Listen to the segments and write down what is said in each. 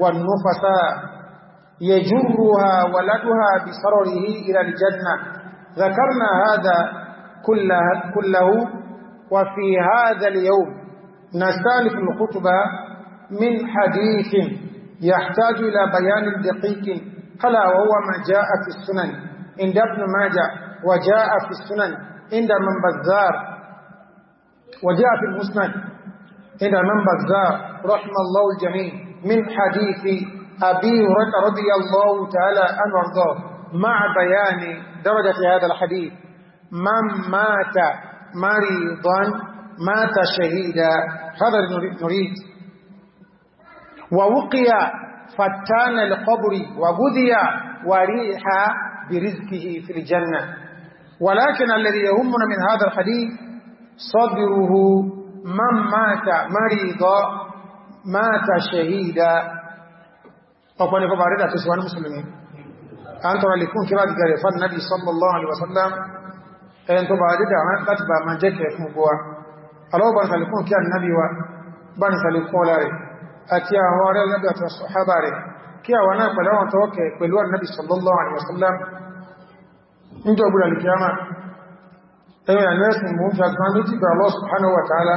والنفساء يجرها ولدها بسرره إلى الجنة ذكرنا هذا كله, كله وفي هذا اليوم نستالف الخطبة من حديث يحتاج إلى بيان دقيق ألا وهو ما جاء في السنن عند ابن ماجه وجاء في السنن عند من بزار وجاء في المسند عند من بزار رحم الله الجميع من حديث أبي هريرة رضي الله تعالى عنه وارضاه مع بيان درجة هذا الحديث من مات مريضا مات شهيدا هذا نريد ووقي فتان القبر وغذي وريح برزقه في الجنة ولكن الذي يهمنا من هذا الحديث صبره من مات مريضا máta ṣehídá ọ̀pọ̀ ní kọba rídà tó ṣíwá ní musulmi a ń tọrọ lèkún kí bá gẹ̀rẹ̀ fún nàbí sallallahu alaihi wasallam ẹ̀yẹn tó bá rídà láti bá ma jẹ́ kẹfún gbọ́wa alọ́bà ní lèkún kí annabi wa bá ní lèkún ọlá rẹ̀ àti àwọn ará nàbí àti sọ̀hábà rẹ̀ kí àwọn náà pẹ̀lú àwọn tọ́wọ́kẹ̀ pẹ̀lú annabi sallallahu alaihi mú fi àgbà ló ti gbà Allah subhanahu wa ta'ala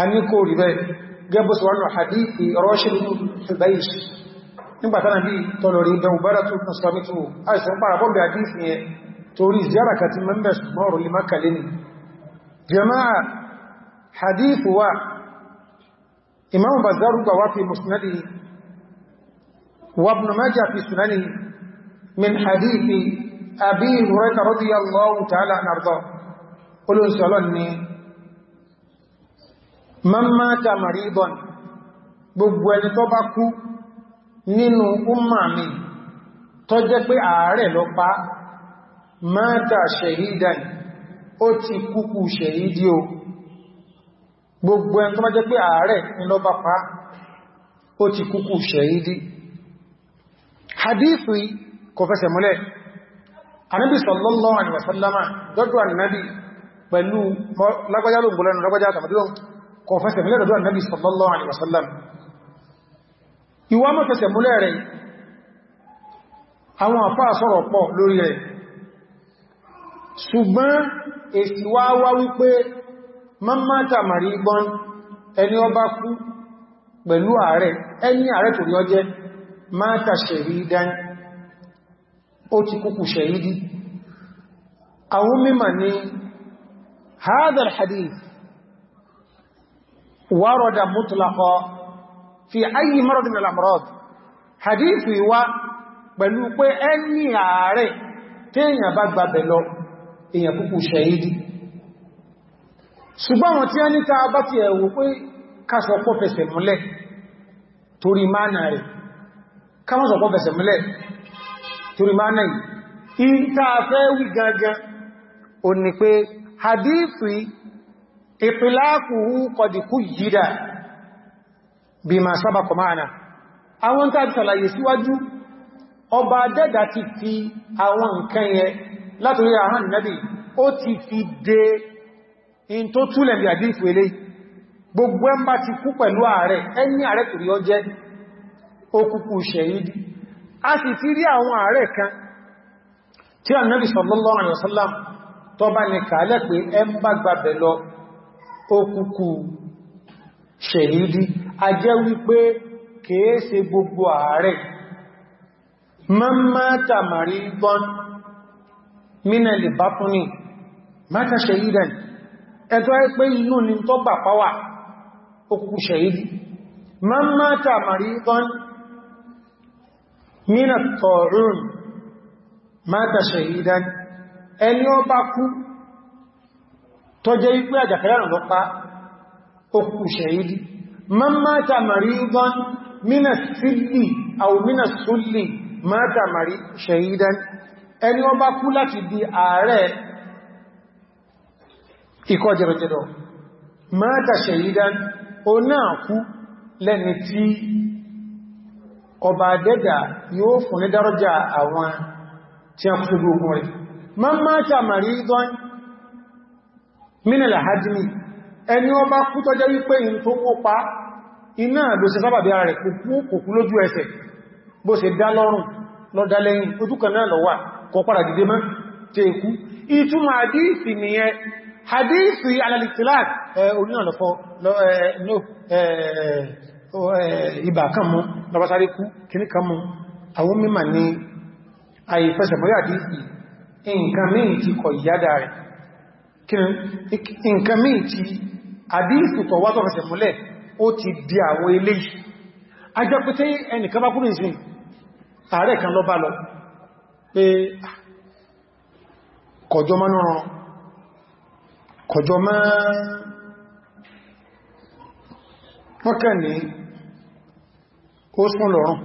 àníkò rí bẹ́ẹ̀ gẹ́bù sí wánà hadithi rọ́ṣìn ṣùgbáyìí nígbàtánà bí tọ́lọ̀rí dẹ̀mùbáratù nùsùlámítù àìsàn pàrà bọ́m̀bì hadithi yẹn torí ziyara kàtí mẹ́mbẹ̀ mọ́rù lè makalé ni jama'a hadithu wa imam bazaru ga wafi musnadi wa ibn majah fi sunani min hadithi abi hurairah radiyallahu ta'ala anhu mamma ta maridon gbogbo ẹni tó bá kú nínú umma mi tó jẹ́ pé ààrẹ lọ pa mata shahidan ó ti kúkú shahidi o gbogbo ẹni tó bá jẹ́ pé ààrẹ ni bá pa ó ti kúkú shahidi hadithi kò fẹsẹ̀ múlẹ̀ dọ́dọ̀ pẹ̀lú kò fẹsẹ̀ múlẹ̀ lọ́dọ̀ annabi sallallahu alaihi wasallam ìwà mọ́ fẹsẹ̀ múlẹ̀ rẹ̀ àwọn àfá lori pọ̀ lórí rẹ̀ ṣùgbọ́n èsì wá wá wípé mọ́mátà màrí gbọ́n ẹni ó bá kú pẹ̀lú ààrẹ ẹni ààrẹ tó rí ọjẹ́ ó ti kúkù àwọn mímọ̀ ni hadith ورد مطلقا في أي مرض من الأمراض حديثي و pẹ̀lú pé ẹni ààrẹ téèyàn bá gbàbẹ̀ lọ èèyàn kúkú ṣẹ̀yìdì ṣùgbọ́n wọn tí a ní ta bá ti ẹ̀wò pé káṣọ pọ́ fẹsẹ̀ múlẹ̀ torí máànà rẹ̀ káwọ́sọ̀ pọ́ fẹsẹ̀ múlẹ̀ torí máànà yìí ìpìláàkùhù kọ̀dìkú yìdá bí ma sábà kọ àwọn tàbí ṣàlàyé síwájú ọba dẹ́dà ti fi àwọn nǹkan yẹ látorí àhán nábì ó ti fi dé in tó túlẹ̀ bí ilé gbogbo ẹ bá ti kú pẹ̀lú ààrẹ ẹni ààrẹ kìrì ọjẹ́ okùnkù ṣẹ̀yìdì a sì ti rí àwọn ààrẹ kan tí tọ́bá kàálẹ̀ pé ẹ bá gbàbẹ̀ lọ Okuku ṣèyídí a jẹ́ wípé gbogbo ààrẹ mọ́mátà marí gbọ́n mínẹ̀lì bá fún ní mátà ṣèyídẹ̀ ẹgbẹ́ pé inú ni tó gbà pàwà okùkù ṣèyídí mọ́mátà mari gbọ́n mínẹ̀ tọ̀rún ẹni ó bá kú tó jẹ́ ipé àjàkálẹ̀ lọ pa okù ṣẹ̀yìdì man mata maridan mina sílì àwọn mina súlì mata mari ṣẹ̀yìdán ẹni wọ́n bá kú láti di ààrẹ ikọ́ jẹrọjẹrọ mata ṣẹ̀yìdán o náà kú lẹ́ni tí ọba dẹ́gà yóò fún ní dárọjà àwọn tí a kú gbogbo rẹ̀ man mata maridan mínìlá hajjimi ẹni ọba kú tó jẹ́ wípé in tó kó pa iná ló ṣe sábàbí ara rẹ̀ kòkú lójú ẹsẹ̀ bó ṣe dá lọ́rùn lọ́dá ojúkan náà lọ́wà kọ padà dìde mọ́ tẹ́ẹ̀kú ìtumọ̀ àdíìsì nìyẹn nǹkan mí ti àdíìsì tọ̀wọ́ tó fẹsẹ̀ múlẹ̀ ó ti di àwọn ilé yìí a jẹ́ pé tí ẹnìkan bá kúrò ìsìn ààrẹ kan lọ bá lọ pé kọjọ mọ́ náà kọjọ mọ́ wọ́n ó sún lọ́rùn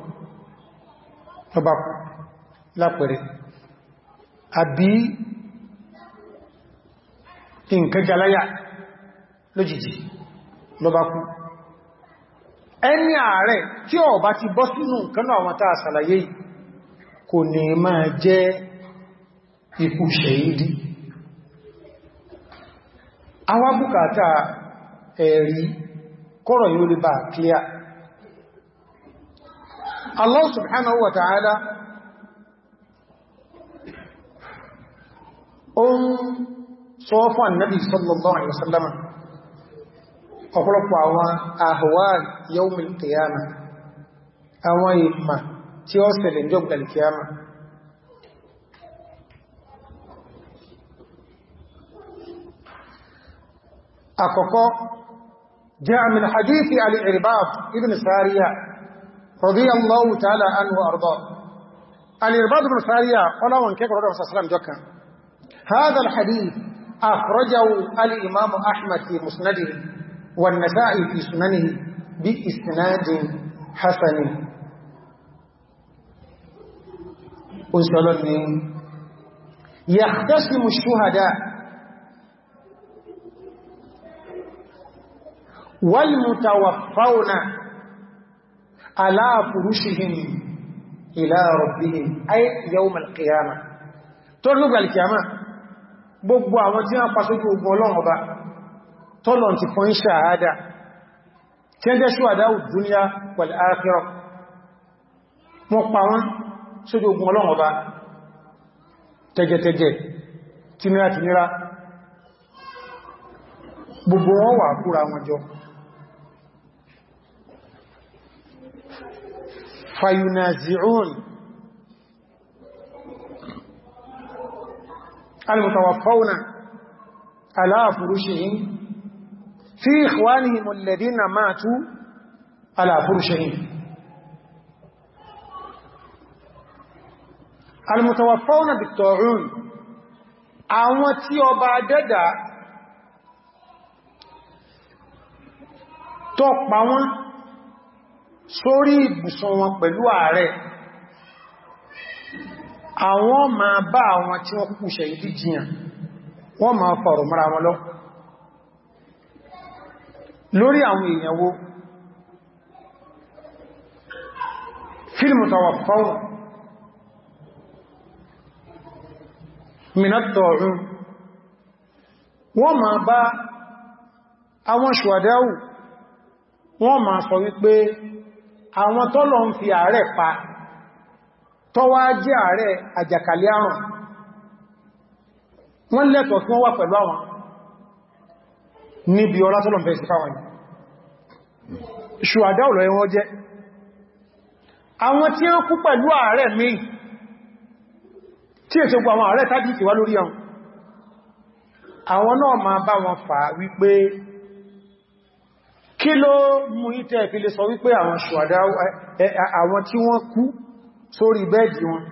lọ́bàkù àbí nǹkan jaláyà lójijì ló bá kú ẹni ààrẹ tí ọ bá ti bọ́ sínú nǹkan àwọn tàà sàlàyé kò ní máa jẹ́ ikú ṣẹ̀yìdí awábùkátà ẹ̀rí kọ́rọ̀ yóò lè bá clear Allah subhanahu wa ta'ala ohun صلى الله عليه وسلم يوم القيامة tọ́fà nàbí sọ́lọ̀lọ́ جاء من حديث علي إرباط ابن سارية رضي الله تعالى عنه وأرضاه علي إرباط ابن سارية قالوا أن كيف رضي الله صلى الله عليه وسلم هذا الحديث أخرجه الإمام أحمد في مسنده والنساء في سننه بإسناد حسن وسلم يختسم الشهداء والمتوفون على فرشهم إلى ربهم أي يوم القيامة تقول القيامة gbogbo àwọn tí wọ́n pàṣójú ogun ọlọ́run ọba tọ́lọ̀ ti kọ́ ń ṣàádá tí ẹjẹ́ ṣúwàdá dúnlá pẹ̀lú ààkírọ̀ wọ́n pa wọ́n sójú ogun ọlọ́run ọba tẹ́jẹtẹ́jẹ tínira tínira gbogbo wọn wà kúra wọn jọ fayunazi'un المتوفون على فرشهم في إخوانهم الذين ماتوا على فرشهم المتوفون بالطعون àwọn tí ọba dẹ́dà tó pa àwọn ma bá àwọn tí wọ́n kúkú ṣẹ̀yìdì jiyàn wọ́n ma fọ̀rọ̀ mara wọn lọ lórí àwọn èèyàn wo fílmù tọwọ̀fọ́wọ̀ mìnàtọ̀ọ̀rún wọ́n ma bá àwọn ṣùwàdáwù wọ́n ma sọ wípé àwọn tọ́lọ ń fi àárẹ̀ pa tọ́wá jẹ́ ààrẹ àjàkálẹ̀ àrùn wọ́n lẹ́tọ̀ọ́ tí wọ́n wà pẹ̀lú àwọn níbi ọlá tọ́lọ̀ fẹ́ sí fáwọn ṣùwàdá ọ̀lọ́ ẹwọ́n jẹ́ àwọn tí ó kú pẹ̀lú ààrẹ mi tí èso gbọ́ àwọn ààrẹ tàbí ìtìwá lórí àwọn àwọn náà ma bá wọn fà wípé kí ló mú ìtẹ́ ìfilé sọ wípé àwọn ṣùwàdá àwọn tí wọ́n kú sórí bẹ́ẹ̀dì wọn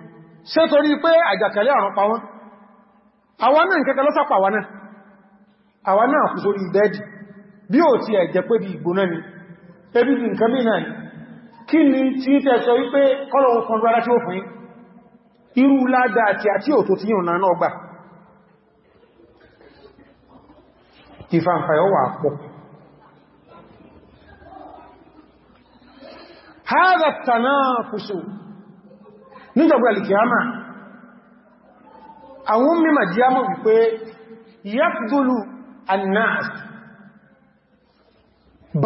ṣe torí pé àjàkálẹ̀ àrùn pa wọn àwọn náà kẹ́kẹ́ lọ́sàpà wa náà àwa náà sórí bẹ́ẹ̀dì bí ò ti ẹ̀jẹ̀ pé bí ìgbóná ni ẹbí bí nǹkan bí náà kí ni tí tẹ́ sọ wípé kọ́lọ̀wọ́ irú هذا التنافس níjọba alìkìyàmà àwọn mímọ̀ jíyàmọ̀ wípé yafdulu annas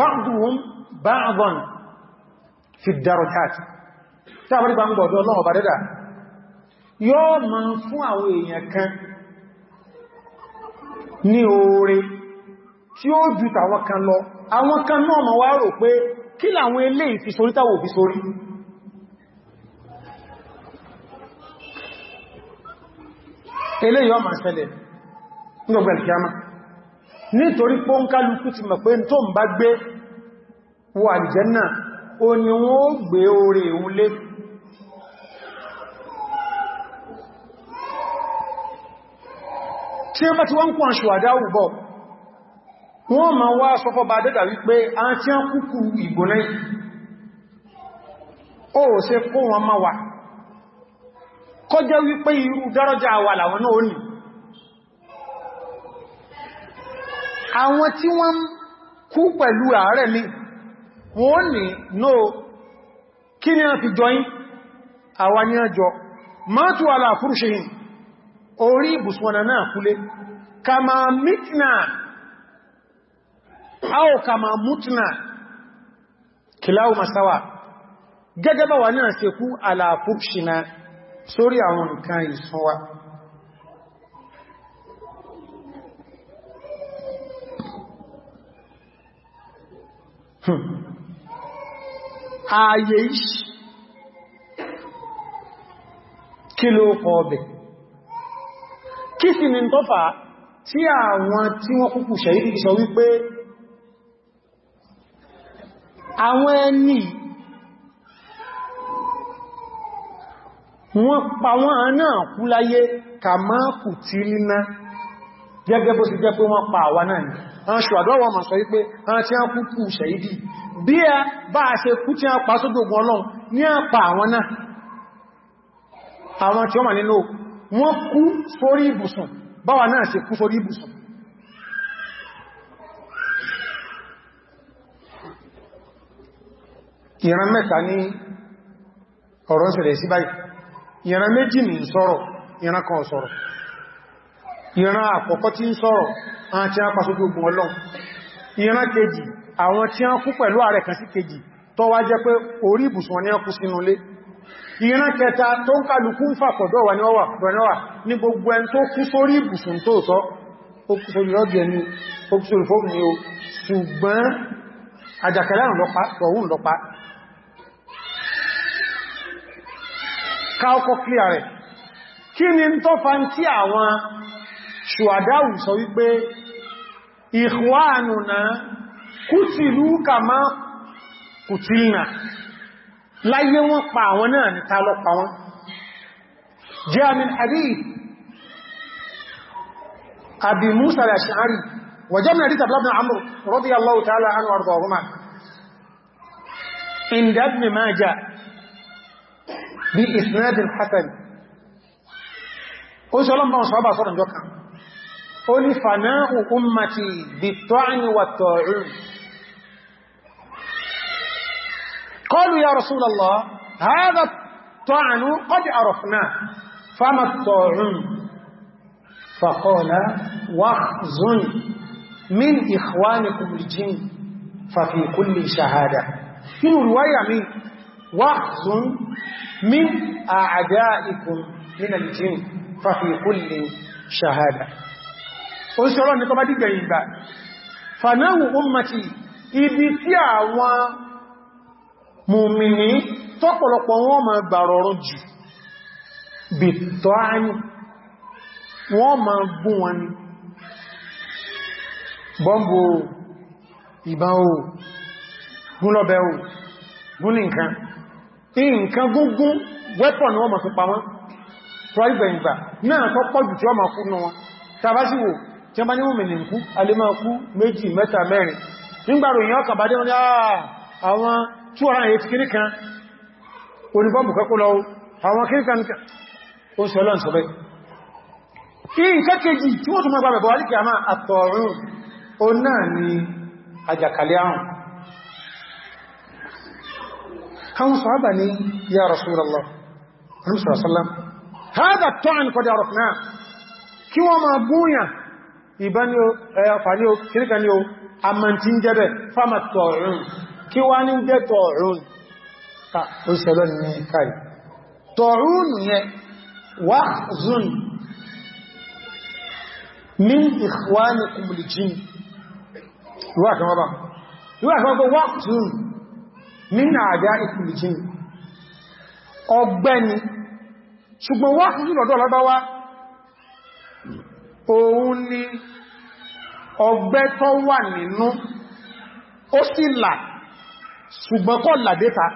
ba'duhum ba'dan fi darajat tí a bá nípa ń gbọ̀dọ̀ ọlọ́wọ̀ bá dẹ́dà yóò ma fún àwọn èèyàn kan ní oore tí ó ju tàwọn kan lọ àwọn kan náà ma wá rò pé kí làwọn eléyìí fi sorí táwọn òbí sorí eléyìí ọmọ ṣẹlẹ̀ nígbàgbà ìkìyàmá nítorí pó ti mọ̀ pé tó ń bá gbé wọ àlìjẹ́nà o ni wọ́n ó gbé orí ìhun lé tí ó bá ti wọ́n kún àṣù àdáwù bọ̀ wọ́n ma wá sọfọ́ bá dẹ́dà wípé a ti ń kúkú ìgbónáì ó ṣe kó wọn ma wà kọjá wípé irú dárọjá wà làwọn náà ní àwọn tí wọ́n kú pẹ̀lú ààrẹ mi wọ́n ní no kí ni a fi jọyín àwa ní àjọ mọ́tù aláfúrúṣe yìí orí ìbùsùnwọ̀nà náà kúlé kàmà mítnà áò kàmà mútnà kìláwò masáwà gẹ́gẹ́ bá wà náà ṣe kú aláfúrúṣe náà sórí àwọn nǹkan ìsọ́wá hmm. ààyè ìṣì kí ló kọ ọbẹ̀ kí sì ni tọ́fà tí àwọn tí wọ́n kúkù ṣe ìdí sọ wípé àwọn ẹni wọ́n pa wọ́n náà kú láyé ka máa kù tí rí ná gẹ́gẹ́ bó ti jẹ́ pé wọ́n pa àwa náà ni a ń ṣùwàdọ́ wọn ma sọ wípé a ti ń kú kú ṣẹ̀yìdì bí a bá a ṣe kú tí a pa sódògùn ọlọ́run ní a pa àwọn náà àwọn tí ó ìran mẹ́ta ní ọ̀rọ̀ ń sí báyìí ìran méjì ní sọ̀rọ̀ ìran kan sọ̀rọ̀ ìran àkọ́kọ́ tí ń sọ̀rọ̀ àwọn tí a pàṣójú ogun ọlọ́run ìran kejì àwọn tí a kú pẹ̀lú ààrẹ kan sí kejì tó wá jẹ́ pé orí ibùsùn wọn ni a kú sínú ilé ìran káọ́kọ́ clear rẹ̀ kí ni tó fa ń tí àwọn ṣùwàdáwù sọ wípé ìhwánùná kútìlú kàmá kùtìlìnà láyé wọ́n pa àwọn náà ní ta lọ pa wọn jẹ́ àmìn hadith abi musa al-ash'ari وجاء من حديث عبد الله بن عمرو رضي الله تعالى عنه وارضاهما بإسناد حسن ó sọ lọ́mbà ọ̀sọ́bà sọ́rọ̀ ìjọ kan ó ní fanáhù ummati bí tọ́rin wà tọ̀rin kọlu ya rasulallah haɗa tọ́rin kọjú àrọ̀fúnà fama tọ̀rin fàkọ́lá wà zun min ikhwanikum jin fafi kulli shahada inú ruwaya min wà zun من أعدائكم من الجن ففي كل شهادة oríṣẹ́ ọlọ́ni tó bá dìgbẹ̀ ìgbà fanáwù ummati ibi tí àwọn mùmìnì tọ́pọ̀lọpọ̀ wọn ma gbàrọrùn jù bí tọ́ ányù wọ́n ma gún wọn ni bọ́m̀bù ìbọn o gúnlẹ̀ nǹkan gúngún weapon wọ́n ma fi pa wọ́n tọ́ìgbẹ̀yìngbà náà tó pọ̀jù tí wọ́n ma kú nù wọn tàbásíwò tí wọ́n bá ní mọ̀mìnì kú alẹ́mọ̀kú méjì mẹ́ta mẹ́rin nígbàrò èèyàn ọkà bá dé wọ́n ah, àwọn 280 kiri kan oníbọ́mù kẹ́kọ́ lọ àwọn kiri kan ó sọ ni àwọn sọ́ábà ní ya Rasulullah alùsọ̀rọ̀sọ́lá hádà tọ́n kọjá rọ̀fnà kí wọ́n ma búyàn ìbá ní ẹ̀fà ní o kìríkà ní o àmàntí ń jẹ́bẹ̀ fámà tọ̀rún kí wá ní jẹ́ tọ̀rún min àdá ìkùlù jìn ọgbẹ́ni ṣùgbọ́n wá fún ìlọ́dọ̀ lábáwá òun ni ọgbẹ́ tó wà nínú ó sì là ṣùgbọ́n kò là déta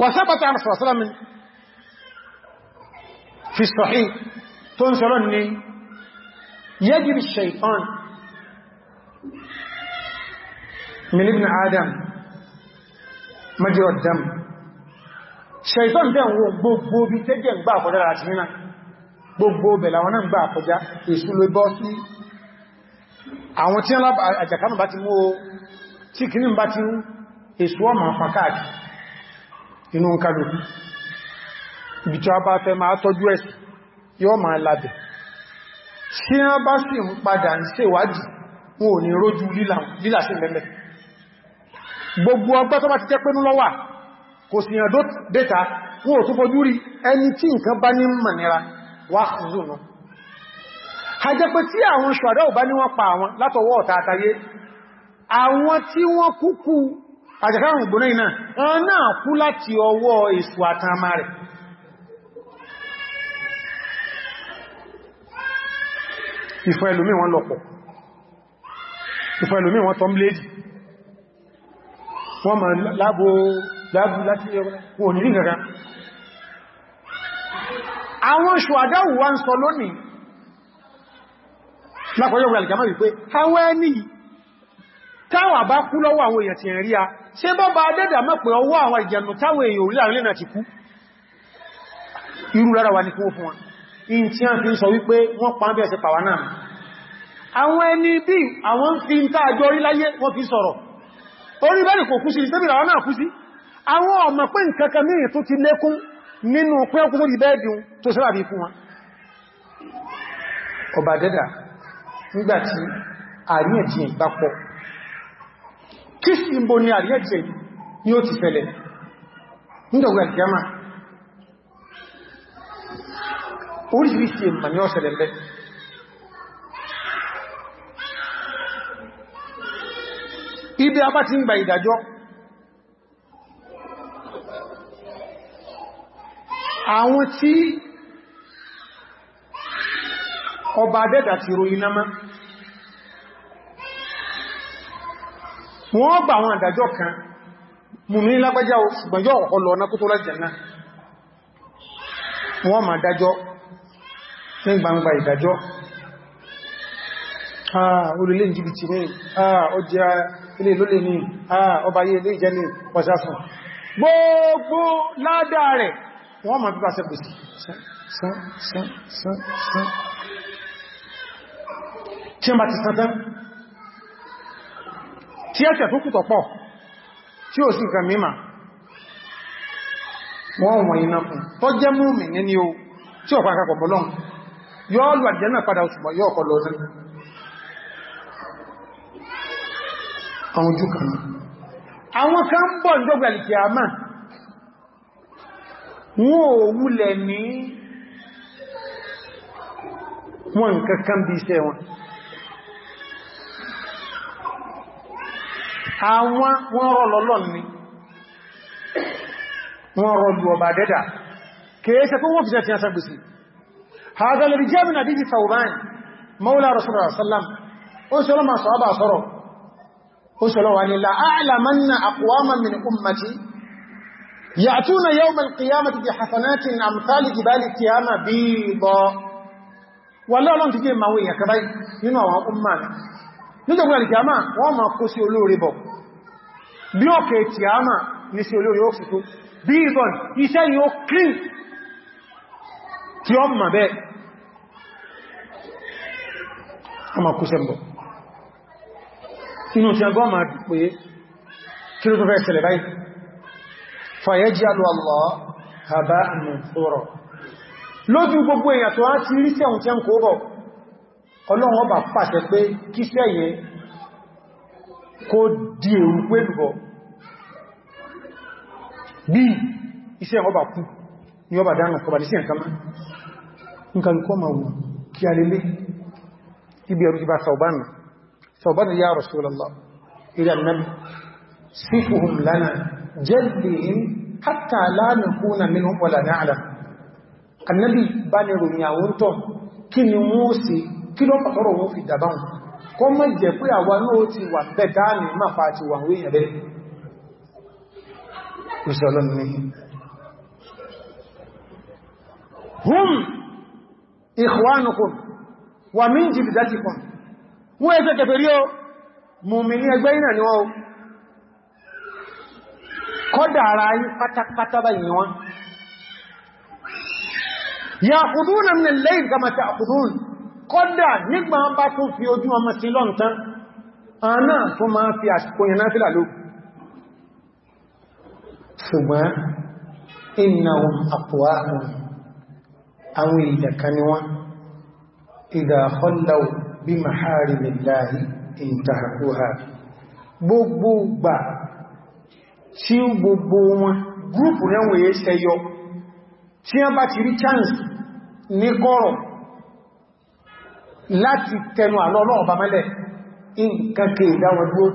wàsábàtà àmàsàwàsálámi fi sọ̀hí tó ń sọ̀rọ̀ ní yẹ́gìrì ṣẹ̀ìtàn من ابن آدم majirọ̀ dam ṣaitan jẹ́ wo gbogbo bí tẹ́jẹ̀ gbà kọjá láti nínà gbogbo bẹ̀lá wọn náà gbà kọjá èṣù ló bọ́ sí àwọn tí àjàkánù bá ti mú o tí kìíní bá ti èṣù ọmọ àpàkáàkì inú ń kàdù ibi tí a bá fẹ́ máa tọ́jú ẹ̀sì yóò máa lábẹ̀ tí wọ́n bá sì ń padà ń ṣèwádìí wọn gbogbo ọgbọ́ tó bá ti jẹ́ pé nú lọ́wà kò sì yàn dẹ́ta wọ́n ò tó fojú rí ẹni tí nǹkan bá ní mọ̀nira wà zùnú ha jẹ́ pé tí àwọn ṣọ̀dá ò bá ní wọ́n pa àwọn látọwọ́ ọ̀ta àtayé àwọn tí wọ́n kúkú àjẹ̀kárùn gbóná iná wọn náà kú ìfẹ́ ẹlòmí wọn lọ́pọ̀ ìfẹ́ ẹlòmí wọn tọ́mblédì wọ́n ma lábò lábò láti wọ́n ní nǹkan àwọn ṣùwàdáwù wá ń sọ lónìí lápọ̀lọ́ ìwọ̀n alìkàmà wípé àwọn ẹni táwà bá kú lọ́wọ́ àwọn èèyàn ti rí a ṣe bọ́ bá dẹ́dà mọ́ pé ọwọ́ àwọn ìjẹnu táwọn èèyàn orílẹ̀ àrílẹ̀ náà ti kú orí bẹ́rẹ̀ kò kú sí ìsẹ́bìrà wọn náà kú sí àwọn ọmọ pé nǹkankan mìíràn tó ti lékún nínú pé ọkùn lórí bẹ́ẹ̀dùn tó sára bí fún wọn ọba dẹ́dà nígbàtí àríyànjiyàn bá pọ̀ ni àríyànjiyàn ni ó ti fẹ́lẹ̀ ni ó ibi abá ti ń gba ìdájọ́ àwọn tí ọba adẹ́dà ti ro iná mọ́ wọ́n bá àwọn àdájọ́ kan mùmí lágbàjá ṣùgbọ́n yóò ọ̀lọ́ ọ̀nà kó tó lájẹ̀ náà wọ́n ma dájọ́ ní gbangba ah olùlé ilé ló lè ní ọba yé ilé ìjẹni ọjá fún gbogbo ládá rẹ̀ wọ́n ma bí pàṣẹ pèsè tí a bá ti sátá tí ẹ̀ṣẹ̀ tó kùtọ̀ pọ̀ tí ó sì nǹkan mímà wọ́n wọ̀n iná fún tó jẹ́ múmi nínú tí ọ̀pá akapọ̀ bọ́lọ́n yọ́ lù àjẹ́ náà padà òṣùgbọ́ yọ́ ọ̀kọ̀ lọ́sán àwọn ojú kan àwọn kan bọ̀ ìjọba ìkì àmà wọn ò wúlẹ̀ ní wọn kankan bí iṣẹ́ wọn àwọn wọn rọlọ́lọ́ ni wọn rọlù ọba dẹ́dà kèése tó wọ́n fi jẹ́ ti yán sàgbèsì هذا الذي جاء من حديث ثوبان مولى رسول الله صلى الله عليه وسلم ó sọ́lọ́mà sọ́ọ́bà sọ́rọ̀ ó sọ̀rọ̀ wà ní la'alamanna aqwaman min ummati ya'tuna yawmal qiyamati bi hasanatin amthali jibali qiyama biida wà lọ́lọ́n ti jẹ́ ma wọ́n yàkàbá nínú àwọn umma nígbàgbà alìkìyàmà wọ́n ma kó sí olóore bọ̀ bí ó kè tìyàmà ní sí olóore ó fìtó bí ìbọn iṣẹ́ yóò inú tí a gọ́ máa pé kí ló tó fẹ́ ṣẹlẹ̀ báyìí lójú gbogbo èèyàn tó á ti rí sí àwọn tí a ń kó bọ̀ ọlọ́run ọba pàṣẹ pé kí sẹ́yẹ kó di èrú pé lùbọ̀ bí iṣẹ́ ọba kú ni ọba dánà kọba ní sí ẹ̀kọ́ máa nǹkan kọ́ ma ibi ẹ̀rù ti bá فبنوا يا رسول الله إلى النبي صفهم لنا جلهم حتى لا نكون منهم ولا نعلم النبي بني رمياونتو كني موسي كيلو فترو في دبان كما جيبو يا وانو تي ما فاتي وان وين يبي وسلمني هم إخوانكم ومن جبدتكم wọ́n ẹsẹ̀ kèfèrí o mùmínì ẹgbẹ́ ìnà ni wọ́n o kọ́dà ara yí pátápátá báyìí wọ́n ya kùdún na nílẹ̀ lẹ́yìn kama ta kùdún kọ́dà nígbà bá tún fi ojú ọmọ sí lọ́ntán àná tó máa fi àsìkò yẹn náà fílà ṣùgbọ́n innahum aqwa'un bí maharimillahi intahakuha gbogbo gbà tí gbogbo wọn gúrùpù rẹ̀wọ̀n yẹ sẹyọ tí wọ́n bá ti rí chance ní kọ́rọ̀ láti tẹnu àlọ́lọ́ ọba mẹ́lẹ̀ ìkàkè ìdáwọn dúró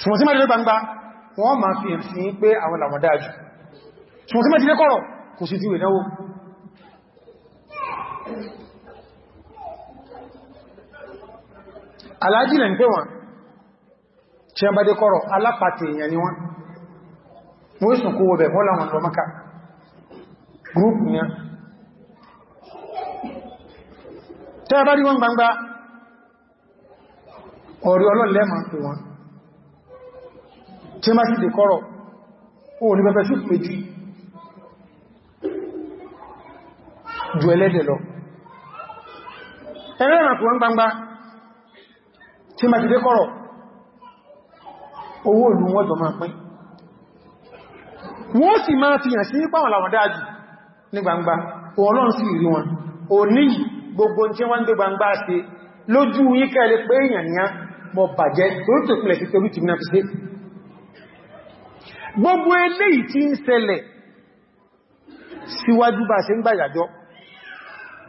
ṣùgbọ́n tí mẹ́rin gbangba wọ́n ma fi ẹ̀sìn pé àwọn làwọn dájú ṣùgbọ́n tí mẹ́rin kọ́rọ̀ kò sí ti wè alájìlẹ̀ ń pè wọn tí a bá dé kọ́rọ̀ alápàtì èèyàn ni wọ́n wọ́n sùn kó wọ́bẹ̀ wọ́n láwọn lọ mọ́ká gúrùpù ní tẹ́ bá rí wọn gbangba ọ̀rí ọlọ́lẹ́mà pè wọn tí a bá sì dé kọ́rọ̀ ó ní pẹ́pẹ́ sùn wọn gbangba tí ma ti dé kọ́rọ̀ owó ìlú wọ́n jọ máa pín wọ́n sì máa fi hàn sí pàwọn làwọn dájú ní gbangba ọlọ́run sì rí wọn o ní gbogbo tí wọ́n ń gbé gbangba ṣe lójú yíkẹ́ lè pé èèyàn ní mọ̀ bàjẹ́ torítòpìlẹ̀ sí torítì náà fi ṣe gbogbo eléyìí tí ń ṣẹlẹ̀ síwájú bá ṣe ń gbàyàjọ́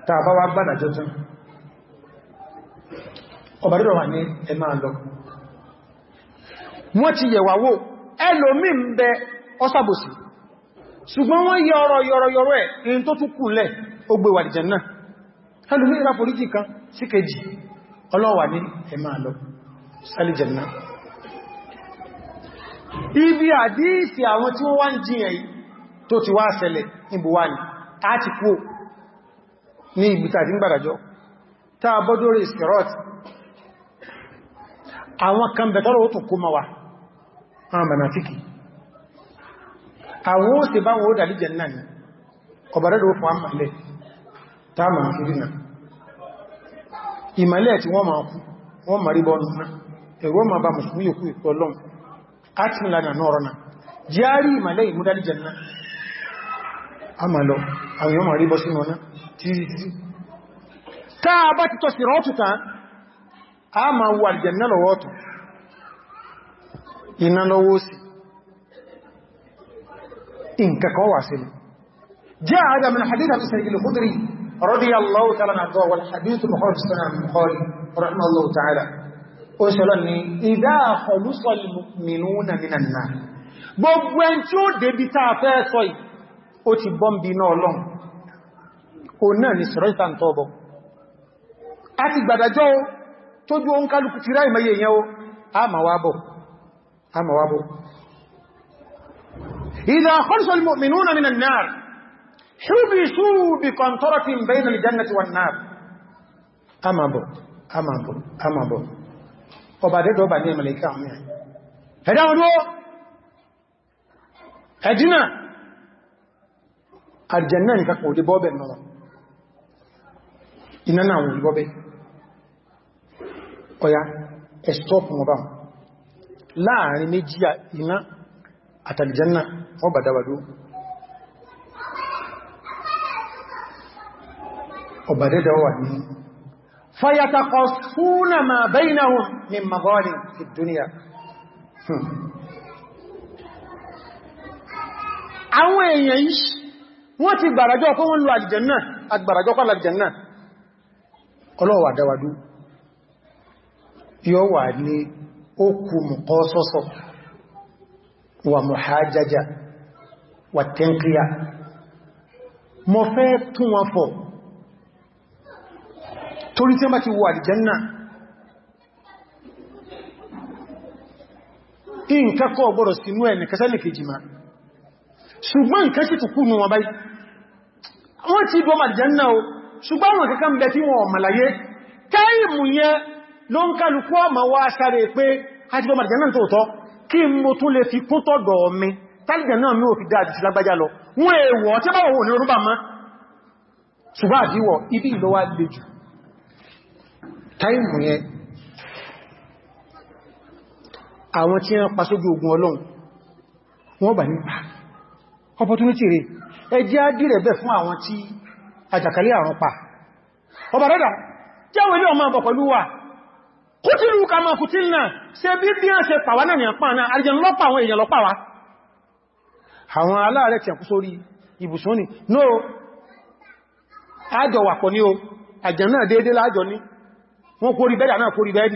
tàbáwá gbàdàjọ́ tán ọ̀bàdìdọ̀ wà ní ẹ máa lọ wọ́n ti yẹ̀wà wò ẹlòmí ń bẹ ọsàbòsì ṣùgbọ́n wọ́n yọrọ yọrọ yọrọ ẹ̀ in tó tún kùnlẹ̀ ó gbé wà dìjẹ̀ náà ẹlòmí ìrà políjì ibi àdíìsì àwọn tí wọ́n wá ń jiyàn yìí tó ti wá ṣẹlẹ̀ níbò wá ní bọ́dọ̀ rẹ̀ ìsìkẹ̀rọ̀tì àwọn kan bẹ̀tọ́rọ̀ ó tún kó ma wa àwọn manafiki àwọn ó sì bá wọn ó dàlí jẹ náà ni ọ̀bàrẹ́ ló fún àmàlẹ̀ táàmà fi ìmàlẹ̀ tí wọ́n ma kú wọ́n ma rí náà ẹ̀rọ ma bá mùsùlùmí a lọ yóò ma a ma wo àlìjẹ̀nà lọ́wọ́ ọ̀tún iná lọ́wọ́ sí nǹkankan wà sílẹ̀ jẹ́ àádá min hadith àti sẹ́yìn al-Khudri radiyallahu ta'ala anhu wal hadith al-Bukhari sunan al-Bukhari rahimahullahu ta'ala ó sọ́lọ́ ni idha khalusa al-mu'minuna minan ti gbàdàjọ́ tójú o ń kálukú ti ráì mẹ́yẹ ìyẹn o a ma wá bọ̀ a ma wá bọ̀ idha kharija al-mu'minuna min an-nar hubisu bi qantaratin bayna al-jannati wan-nar a ma bọ̀ a ma bọ̀ ọba dẹ́dọ̀ ọba ní ẹmẹ̀lẹ̀ ọya ẹ̀stọ́pù wọn báwọn láàrin méjì iná àtàlìjánà wọ́n bàdáwàdó ọbàdẹ́dẹ̀wà ní fayatakọ̀ súnà ma bẹ́yìnà wọn ni magọ́rin fi dúníà àwọn èèyàn yìí wọ́n ti gbàràjọ́ kó wọ́n lọ àlìjánà àgbàràjọ́ kọ́ àlìjánà ọlọ́wà dáwàdó yóò wà ní okù mùkọ́ sọ́sọ́ wà mùhájájá wà tẹ́ńkíyà mọ́ fẹ́ tún wọn fọ̀ torí tí wọ́n ti wà àlìjẹ́nà nǹkan kọ́ ọgbọ́rọ̀ sínú ẹ̀ nìkẹsẹ́lẹ̀ kejì ma ṣùgbọ́n nǹkan sì tù kúnnù wọn báyìí wọ́n ti dọ́mà àlìjẹ́nà o ṣùgbọ́n wọn kankan bẹ tí wọn ọ̀màlàyé táìmù yẹn ló ń kálukú ọmọ wá sáré pé a ti bọ́ màrìjẹ̀ náà tóòtọ́ kí mo tún lè fi kún tọ́dọ̀ mi tálìjẹ̀ náà mi ò fi dáadì sí lágbájá lọ wọ́n èèwọ̀ tí bá wọ́n ní orúbà mọ́ ṣùgbọ́n opportunity rẹ̀ ẹjẹ́ adìrẹ̀ bẹ̀ fún àwọn tí àjàkálẹ̀ àrùn pa ọba rẹ̀dà jẹ́wẹ̀ ní ọmọ ọ̀pọ̀ pẹ̀lú wà kútìlú ka ma kútìlú náà ṣe bí bí a ṣe pàwà náà ní àpá náà àríjẹn lọ́pàá àwọn èèyàn lọ́pàá wa àwọn aláàrẹ tí a kú sórí ibùsùn ni no àjọ wàpọ̀ ní o àjẹn náà déédé láàjọ ní wọ́n kórí bẹ́ẹ̀dà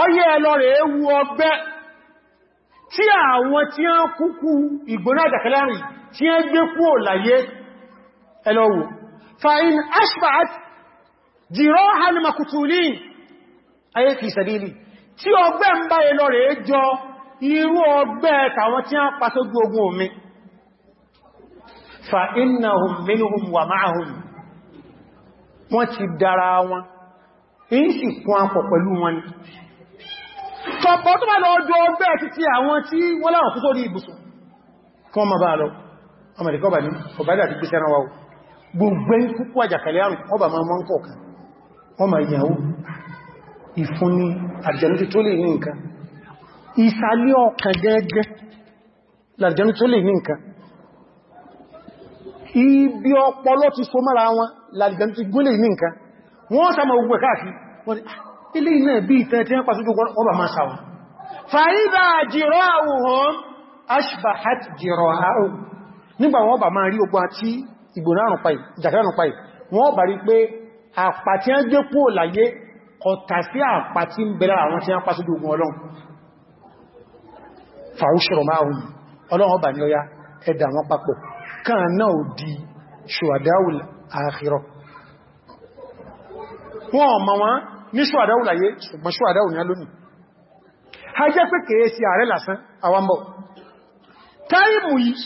ọyẹ́ ẹlọ́rẹ̀ ewu ọgbẹ́ tí àwọn tí a kúkú ìgbóná àjàkálárì tí a gbé kú òlàyé ẹlọ́wò fa'in ashfa'at jirahan makutulin ayé kìí sàbílì tí ọgbẹ́ ń bá ẹlọ́rẹ̀ jọ irú ọgbẹ́ tàwọn tí a pàtógbó ogun omi fa'innahum in sì kún apọ̀ pẹ̀lú wọn kọ̀pọ̀ tó bá lọ ọjọ́ ọgbẹ́ títí àwọn tí wọ́n láwọn kúkó ní ibùsùn kan ma bá lọ amẹ́ríkọ́ bà ní ọ̀bádà ti pèsè ẹranwà gbogbo kúkú àjàkálẹ̀ àrùn ọba ma mọ́ ń kọ̀ọ̀kan ọmọ ìyàwó ìfúnni àjẹ́nútí tó lè ní nǹkan ìsàlẹ̀ ọkàn gẹ́gẹ́ làjẹ́nú wọ́n sàmà ogun ẹ̀ káàkiri wọ́n ni ilé iná bí ìtẹ́ tí wọ́n pàṣójú ọba máa sáwọn fàíbà jìrọ àwòhàn ashbahat jìrọ àrùn nígbà wọ́n bà máa rí ogun àti ìgbòránù páì ìjàkánù páì wọ́n bà rí pé àpàtí ń gbé kúrò láyé kọ̀tà sí àpàtí ń bẹ̀rẹ̀ àwọn tí ní ṣùwàdáwò láyé ṣùgbọ́n ṣùwàdáwò ní alónì ha jẹ́ pé kèé sí ààrẹ lásán àwambọ̀ táìmù yìí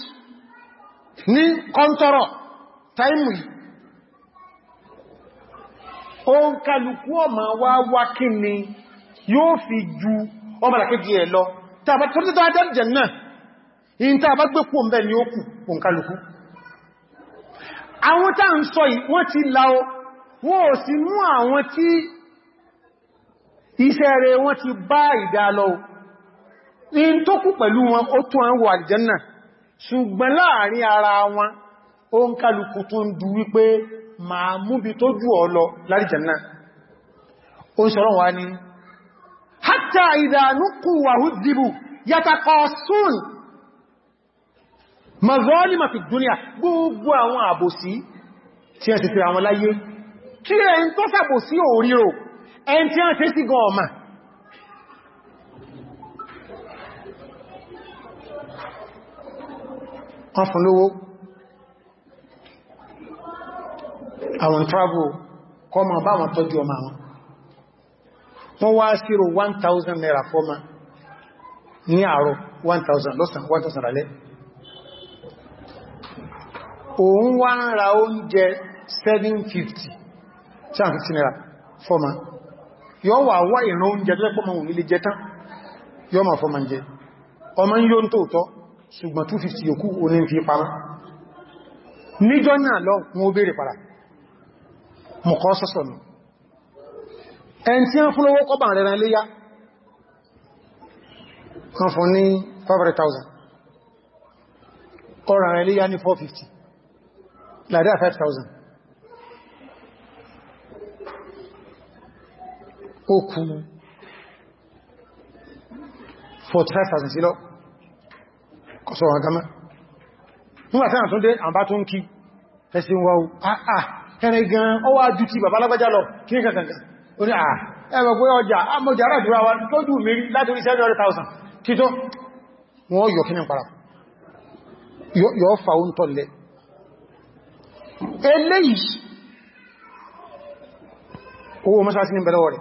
ní kọ́ntọ́rọ̀ táìmù yìí o ń kàlùkú ọmọ wá wá kí ni yóò fi ju ọmọ làkejì ẹ̀ lọ tàbí tó títọ́ wọ́n ò sí mú àwọn tí iṣẹ́ rẹ̀ wọ́n ti bá ìdálọ́ in tó kú pẹ̀lú wọn ó tún àwọn wọ àlìjẹ́nà ṣùgbọ́n láàrin ara wọn ó ń kálukú tó ń du wípé màá múbi tó jù ọ lọ lárìjẹ́nà ó ń sọ̀rọ̀ wá ní hátà ìdánúkù wàhúdìbù yàtàkọ̀ sún ẹn tí a ṣe sí gan ọmọ wọ́n fún lówó àwọn travel kọ́ ma bá wọn tọ́jú ọmọ àwọn wọ́n wá sírò 1000 naira fọ́mà ní àárọ̀ 1000 lọ́sàn 1000 rálẹ́ òun wá ń ra oúnjẹ 750 naira fọ́mà yọ wà wá ìran oúnjẹ tó lẹ́pọ̀ mọ̀ nílé jẹ tán yọ ma fọ́ ma jẹ ọmọ yóò ń tóòtọ́ ṣùgbọ́n 250 yòókù oní fi pamọ́ níjọ́ náà lọ wọ́n bèèrè padà mọ̀kọ́ sọ́sọ̀ nù ẹn tí ń fúnlówó kọ́bà rẹ̀ rẹ̀ léyá kan fún ní 500,000 ọ̀rọ̀ rẹ̀ léyá ní 450 láàrín 5,000 ó for 45,000 sílọ kọsọ̀ àgámá nígbà tí àwọn tó dé àbá tó ń kí ẹsìn wọ́wọ́ àà ah, ah, ẹ̀rẹ̀ gan ó wá jù ti bàbá lágbàjá lọ kí ní kankan ó ní àà ah, ẹ̀rọ pé ọjà àmọ́jà àràdúrà wa tó jù mérí látorí 700,000 kí tó wọ́n yọ kí ní para yọ fà ó ń tọ́lẹ̀ eléyìí owó mọ́sásí ní bẹ̀rẹ̀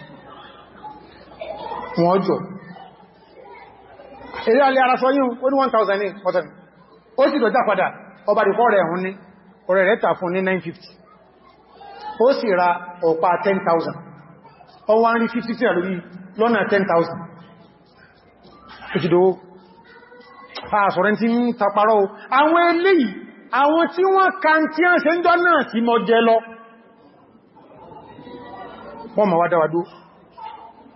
wọ́n jọ eré alẹ́ ara sọyún ó ní 1000 ní ọ̀tẹ̀ ó sì dọ̀já padà ọba dìkọ́ rẹ̀ ẹ̀hún ní ọ̀rẹ́ rẹ̀ tà ní 950 ó sì ra ọ̀pá 10,000 ọwọ́ ń rí 50 tí àlúrí lọ́nà 10,000 òjìdówó àṣọ̀rẹ́ tí ń taparọ́ àwọn tí wọ́n ka tí a ń ṣe ń jọ náà sí mọ́ jẹ lọ wọ́n ma wá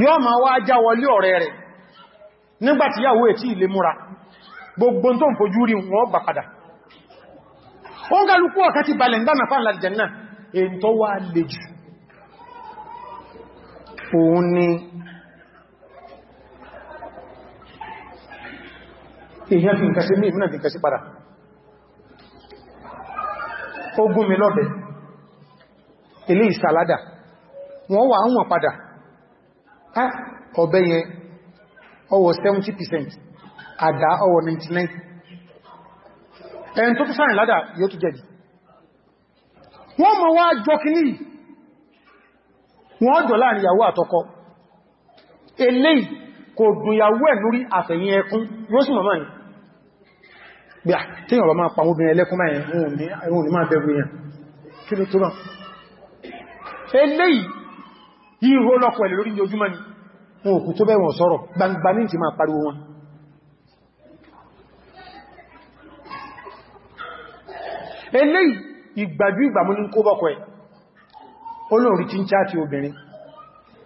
tí ó ma wá já wọlé ọ̀rẹ́ rẹ̀ nígbàtí yàwó ẹ̀ tí ilé múra gbogbo tó ń fojú rí wọn bà padà ó ń gálukú ọ̀ká ti balẹ̀ ńgbà mẹ́fà lálìjẹ̀nà èyí tó wá lè jù òun ni èyàn fi nǹkan sí ní ìmúnà nǹkan sí padà ó gún mi lọ́bẹ̀ ilé ìsàládà wọ́n wà ń padà á ọ̀bẹ yẹn ọwọ́ 70% àdá ọwọ́ 99 ẹn tó tó sáàrìn ládà yóò tó jẹ̀dì wọ́n ma wá jọkíní wọ́n jọ láàrin ìyàwó àtọkọ eléyìí kò dùn ìyàwó ẹ̀ lórí àfẹ̀yìn ẹkún yóò sì mọ̀mọ́ yìí bí à tí náà eléyìí yíro lọ́pọ̀ ẹ̀lẹ̀ lórí ojúmọ́ ni wọn òkú tó bẹ́ẹ̀ wọ́n sọ̀rọ̀ gbangba ní máa pariwo wọn ele ìgbàjú ìgbàmú ní kó bọ́kọ̀ ẹ̀ olóòrí tí ń cháàtì obìnrin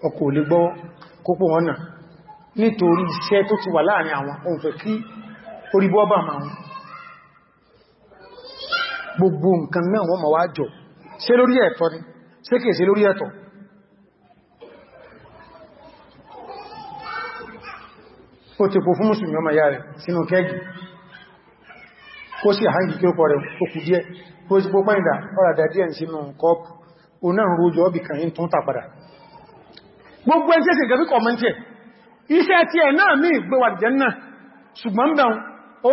ọkọ̀ olè gbọ́ kópò wọn náà nítorí iṣẹ́ tó ti wà láàrin àwọn ohun kí orí bọ́ọ̀bà gbogbo nǹkan náà wọ́n ma wá jọ ṣe lórí ẹ̀tọ́ ni ṣe kèèṣe lórí ẹ̀tọ́ ó ti kò fún mùsùlùmí ọmọ ìyá rẹ̀ sínú kẹ́gì kó sì hangi kí ó kọ̀ rẹ̀ ó kù díẹ̀ ó sì pópá ìdá ọ̀ràdà díẹ̀ sínú kọ́ọ̀pù ó náà rójọ ọbì kan yí tún tàpadà gbogbo ẹn tẹ́sì gẹ̀bí kọ̀mọ́ntẹ̀ iṣẹ́ ti ẹ̀ náà mí gbé wà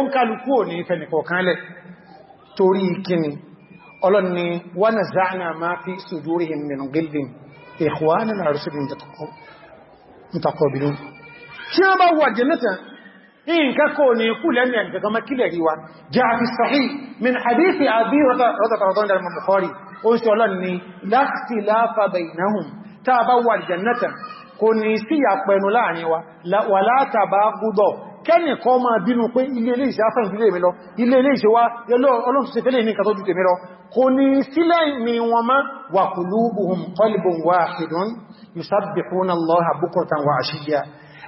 ń kálukú ò ní ìfẹ́ nìkọ̀ọ̀kánlẹ̀ na záàna máa fi tí wọ́n bá wà jẹ́nẹ́tàn nǹkan kò ní ikú lẹ́nu ẹ̀ gagama kílẹ̀ ríwa já fi sahih min hadithi àbí rọ́tàrọ̀tọ́ ìdàrí mọ̀lùkọ́rì ó ń ṣe ọlọ́n ni la ikhtilafa baynahum tá a bá wà jẹ́nẹ́tàn kò ní sí àpẹnu láàrin wa wà látàbá gúdọ̀ kẹ́nì kọ́ máa bínú pé ilé ilé ìṣẹ́ afẹ́ ìdílé mi lọ ilé ilé ìṣẹ́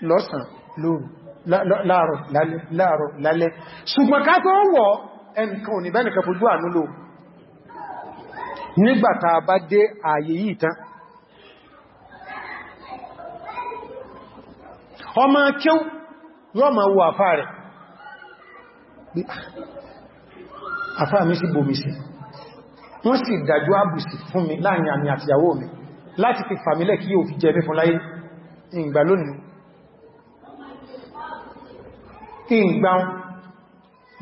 lọ́sàn lóòrùn láàrọ̀ lálẹ́ láàrọ̀ lálẹ́ ṣùgbọ́n ká tó wọ̀ ẹnkan ò ní bẹ́ẹ̀ nìkan fojú àánú lò nígbàtà bá dé ààyè yìí tán ọmọ kíw yọ ma wo àfá rẹ̀ ah, àfá mi sí bomi sí wọ́n sì dájú àbùsì fún mi láàrin àmì àtìyàwó mi láti fi fàmílẹ̀ kí yóò fi jẹ́ mẹ́fún láyé ìgbà lónìí ìgbàun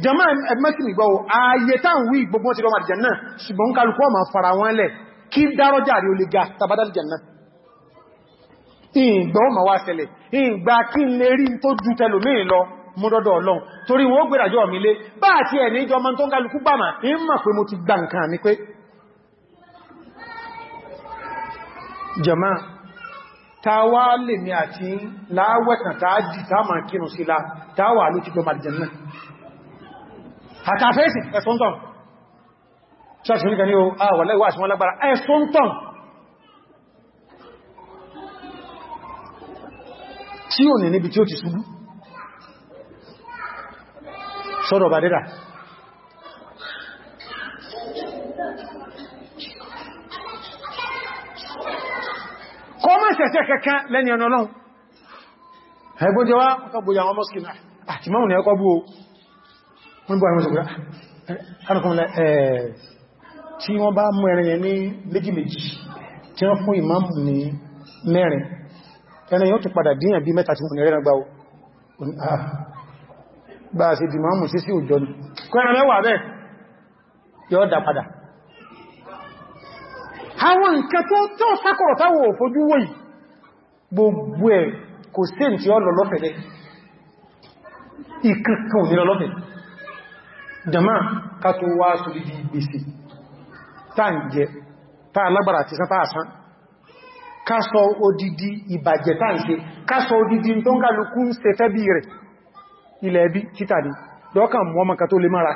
jama ẹgbẹ́sìn ìgbàwò ayé tán wí gbogbo ti lọ́mà ìjẹ̀ náà ṣùgbọ́n kálùkọ́ ma fara wọn lẹ̀ kí dárọ́jà rí o lè ga tàbádá ìjẹ̀ náà ìgbọ́n ma wá ṣẹlẹ̀ ìgbà kí n lè rí tó jama tàwà lèmi àti láwẹ́kàn tàájì tàmà kírùn sí la tàwà ló ti gbọmà jẹ́nà àtàfẹ́sì ẹ̀sọ́ntọ̀n ṣọ́ṣì ní kaníò àwà lẹ́wà àṣíwọ́n lágbára ẹ̀sọ́ntọ̀n tí ò ní níbi tí ó ti ṣubú sọ́dọ̀ sẹ̀sẹ̀ kẹkàn lẹ́ni ọ̀nà ọlọ́run ẹgbójẹ wá ọkọ̀bòyà àwọn mọ́sílìmá àti mọ́mù ní ẹkọ́ bú o wọ́n bọ́ ẹmọ́sọ̀gbọ́ tí wọ́n bá mú ẹ̀rin yẹn ní méjì méjì tí wọ́n fún ìmáàmù ní mẹ́rin ẹni yóò tó padà díyàn bí mẹ́ta tí mú ẹ̀rin gbáwó bá a sì di máàmù àwọn nǹkan tó sákọ̀rọ̀ táwọn òfojú wòyìí gbogbo ẹ̀ kò sí tí ọ lọ́lọ́fẹ̀ lẹ́ ìkìkàn ní lọ́lọ́fẹ̀ jama ká tó wá di gbèsè tá ń jẹ tá alágbàrà ti sán tààsán ká sọ odidi ìbàjẹ́ tá ń ṣe ká sọ odidi tó ń kálukú ṣe fẹ́ rẹ̀ ilẹ̀ ẹbí títà ní mọ́ maka tó lè mara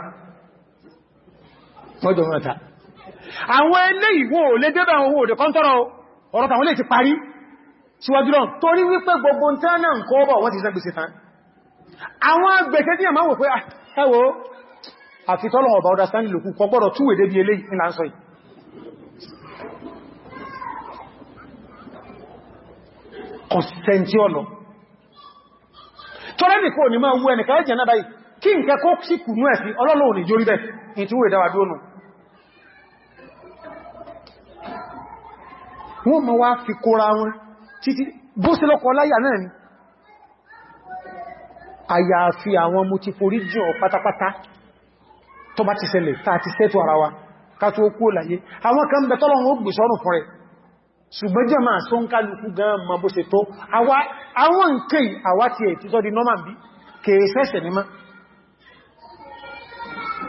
mọ́jọ̀ mọ́ta àwọn ilé ìwò lè débà owó síwájú lọ torí wípé gbogbo tánà ń kọ́ bọ̀ wọ́n ti sẹ́gbèsè tán àwọn agbèsè tí a máa wò pé ah, ẹwọ́ àfitọ́lọ̀ ọba ọdá stanley lòkú kò gbọ́dọ̀ túwè débi eléyìí ìlà ń sọ yìí kọ̀sẹ̀ntí ọ̀nà wọ́n ma wá fi kóra títí bó sí lọ́kọ̀ láyà náà ni àyàfi àwọn mú ti forí jọ pátápátá tó bá ti ṣẹlẹ̀ tàà ti sẹ́tù ara wa kátó ó kú láyé àwọn kan bẹ tọ́lọ́run ó gbè sọ́rùn fún rẹ̀ ṣùgbọ́n jẹ́ máa sọ ń kálukú gan ma bó ṣe tó àwọn nǹkan àwá ti ẹ̀ títọ́ di norman bí kèèṣẹ́ṣẹ̀ ní má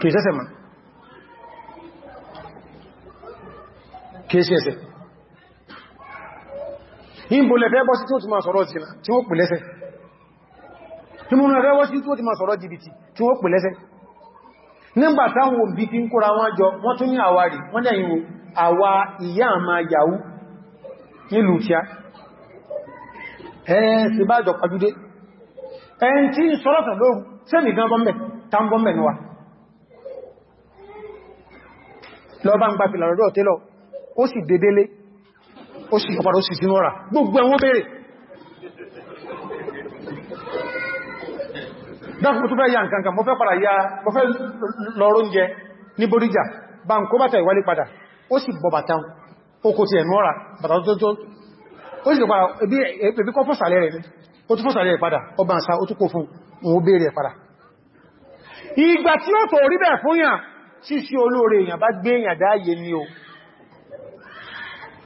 kèèṣẹ́ṣẹ̀ má ìbòlẹ̀ fẹ́ bọ́ sí tí ó ti máa sọ̀rọ̀ jìnà tí ó pè lẹ́sẹ̀ ìmúnà rẹ̀ wọ́ sí tí ó ti máa sọ̀rọ̀ jìbìtì tí ó pè lẹ́sẹ̀ nígbà táwọn òbí fi ń kóra wọn jọ wọ́n tún ní àwárí wọ́n dẹ̀ ìwò àwa ìyá àmà yàwó nílùú lóòrùn sẹ́mì gan bọ́m̀bẹ̀ tán bọ́m̀bẹ̀ níwà lọ bá ń gbapìlà lọ́dọ̀ tẹ́lọ ó sì dédélé ó sì yọpàdà ó sì sínú ọ̀rà gbogbo ẹ̀wọ́n bèèrè dákùn tó fẹ́ ya nkankan mọ́fẹ́ padà ya mọ́fẹ́ lọ́rọ̀ oúnjẹ ní boríjà bá ń kó bàtà ìwálé padà ó sì bọ̀ bàtà ó kò ti ẹ̀nú ọ̀rà bàtà tó tó ó sì padà ẹbí kọ́ fọ́sàlẹ̀ rẹ̀ ó tún fọ́sàlẹ̀ tó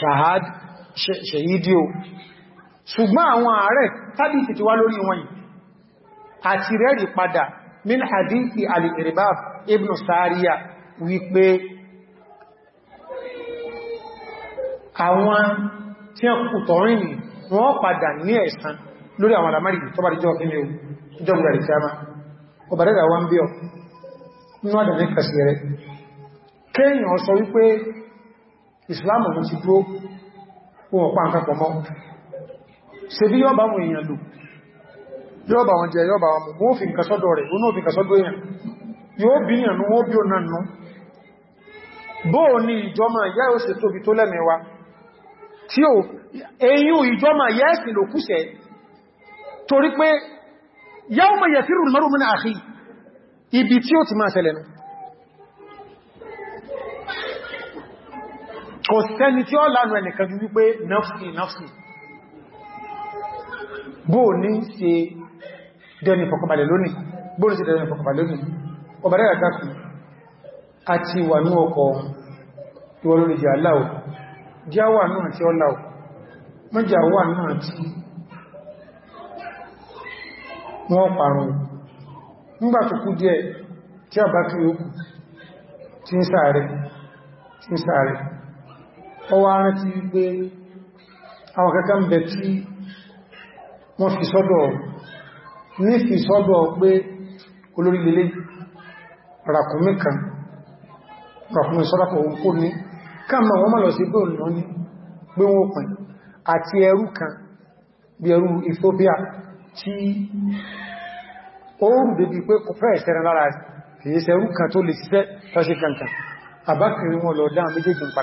ṣahad ṣèyídíò ṣùgbọ́n àwọn ààrẹ tàbí ti wá lórí wọn yìí àti rẹ̀rì padà min hadithi al-irbaf ibn sariya wípé àwọn tí ó kù tọ́rin ni wọ́n padà ní ẹ̀san lórí àwọn alamari tó bá ríjọ́ kí ní ìjọba ìkẹama ọbàdẹ́dà wọn wípé ìsìláàmù mú ti dúró wọn ọ̀pá nǹkan pọ̀mọ́ ṣe bí yọ́bà mú èèyàn lò yọ́bà wọn jẹ yọ́bà wọn mú fi nǹkan sọ́dọ̀ rẹ̀ ó náà fi nǹkan sọ́dọ̀ èèyàn yóò bí yàn nú ó bí òun nánú bóò ní ìjọmọ̀ ìyá ò ṣe tóbi tó lẹ́mẹ̀wá tí ó eyín kò sẹ́ni tí ó lánà ẹnìkan ju wípé nafsi nafsi bó ní ṣe dẹni fọkànbalẹ̀ lónìí bó ní ṣe dẹni fọkànbalẹ̀ lónìí ọbàrẹ́ àtàkù àti wà ní ọkọ̀ ìwọ̀ lórí jẹ́ aláwọ̀ jẹ́ wà náà tí ó láwọ̀ mọ́jà wà náà tí wọ́n parun nígbà tó kú díẹ̀ tí a bá kí ó kù tí ń sáré tí ń sáré ọwọ́ arántí wípé àwọn kankan bẹ̀ tí wọ́n fi sọ́dọ̀ ní fi sọ́dọ̀ pé olórí lélé ràkúnmí kan ràkúnmí sọ́dọ̀kọ̀ òun kó ní káàmà wọ́n má lọ sí pé òun ní pé wọ́n pẹ̀ àti ẹrú kan bí ẹrú Ethiopia tí ó rù